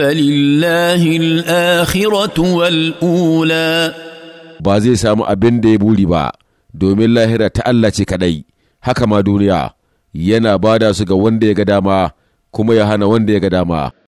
فلله الآخرة والأولى ba zai samu abin da ya buri ba domin lahira ta Allah ce kaɗai, haka ma duniya yana bada su ga wanda ya ga dama kuma ya hana wanda ya ga dama